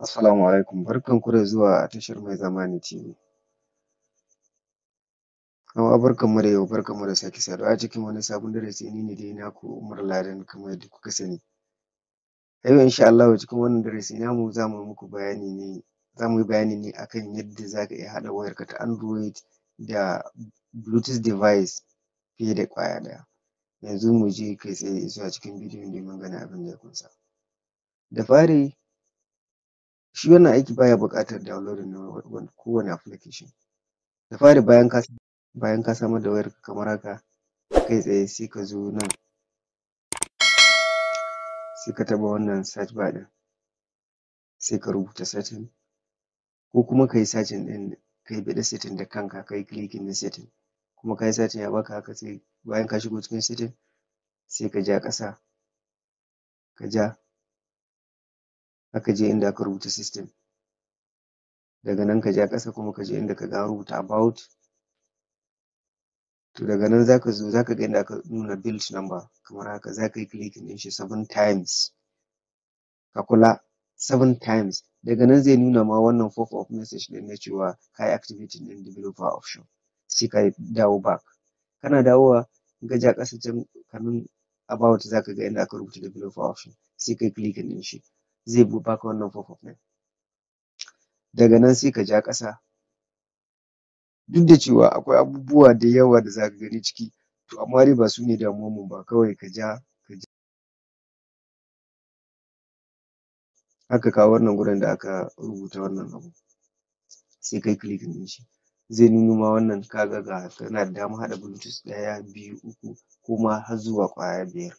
Assalamu alaikum, ku da zuwa tashar Mai Zamani TV. barkan mu da yau, mu da sake saduwa a cikin wani sabon darasi ni ne dai naku Umar Ladan kamar yadda kuka sani. A yau insha Allahu cikin wannan darasi namu za mu muku bayani ne za mu yi bayani ne a yadda za ka iya haɗa wayarka ta Android da Bluetooth device fiye da ƙwaya ɗaya. Yanzu mu je kai tsaye zuwa cikin bidiyon domin ganin abin da ya ƙunsa. Da fari shi wannan aiki baya buƙatar downloading na kowane application da fari bayan ka bayan ka samar da wayar kamar haka kai tsaye sai ka zo nan sai ka taɓa wannan search bar ɗin sai ka rubuta setting ko kuma kayi searching ɗin ka biɗi setting da kanka kayi clicking na setting kuma kayi searching ya baka haka sai bayan ka shigo cikin setting sai ka ja ƙasa ka ja aka ka je inda aka rubuta system daga nan ka ja ƙasa kuma ka je inda ka ga an rubuta about to daga nan za ka zo za ka ga inda aka nuna build number kamar haka za ka yi clicking ɗin shi seven times ka kula seven times daga nan zai nuna ma wannan pop up message ɗin na cewa ka yi activating ɗin developer option sai ka dawo back kana dawowa in ka ja ƙasa can kamin about za ka ga inda aka rubuta developer option sai ka yi clicking ɗin shi zai baka wannan pop-up ɗin daga nan sai ka ja ƙasa duk da cewa akwai abubuwa da yawa da zaka gani ciki to amma dai ba sune ne mu ba kawai ka ja Haka kawo wannan gurin da aka rubuta wannan abu sai kayi click ɗin shi zai nuno ma wannan kaga ga kana da damar haɗa bluetooth ɗaya biyu uku ko ma har zuwa ƙwaya biyar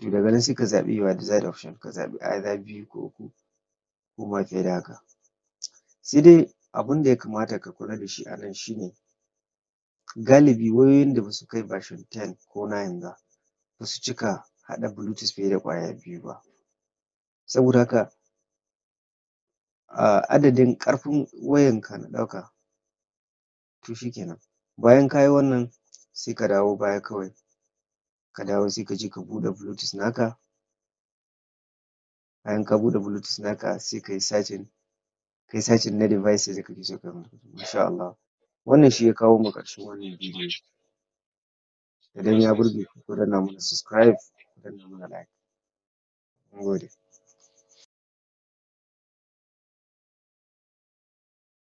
to daga nan sai ka zaɓi your desired option ka zaɓi either biyu ko uku ko ma fiye da haka sai dai da ya kamata ka kula da shi a nan shine galibi wayoyin da basu kai version ten ko nine ba basu cika haɗa bluetooth fiye da ƙwaya biyu ba saboda haka a adadin ƙarfin ka na ɗauka to shikenan bayan kayi wannan sai ka dawo baya kawai ka dawo sai je ka buɗe bluetooth naka bayan ka buɗe bluetooth naka sai kayi searching yi searching na devices da ka so kayi insha Allah wannan shi ya kawo mu ƙarshen wannan bidiyo idan ya burge ku ku danna mana subscribe ku danna mana like mun gode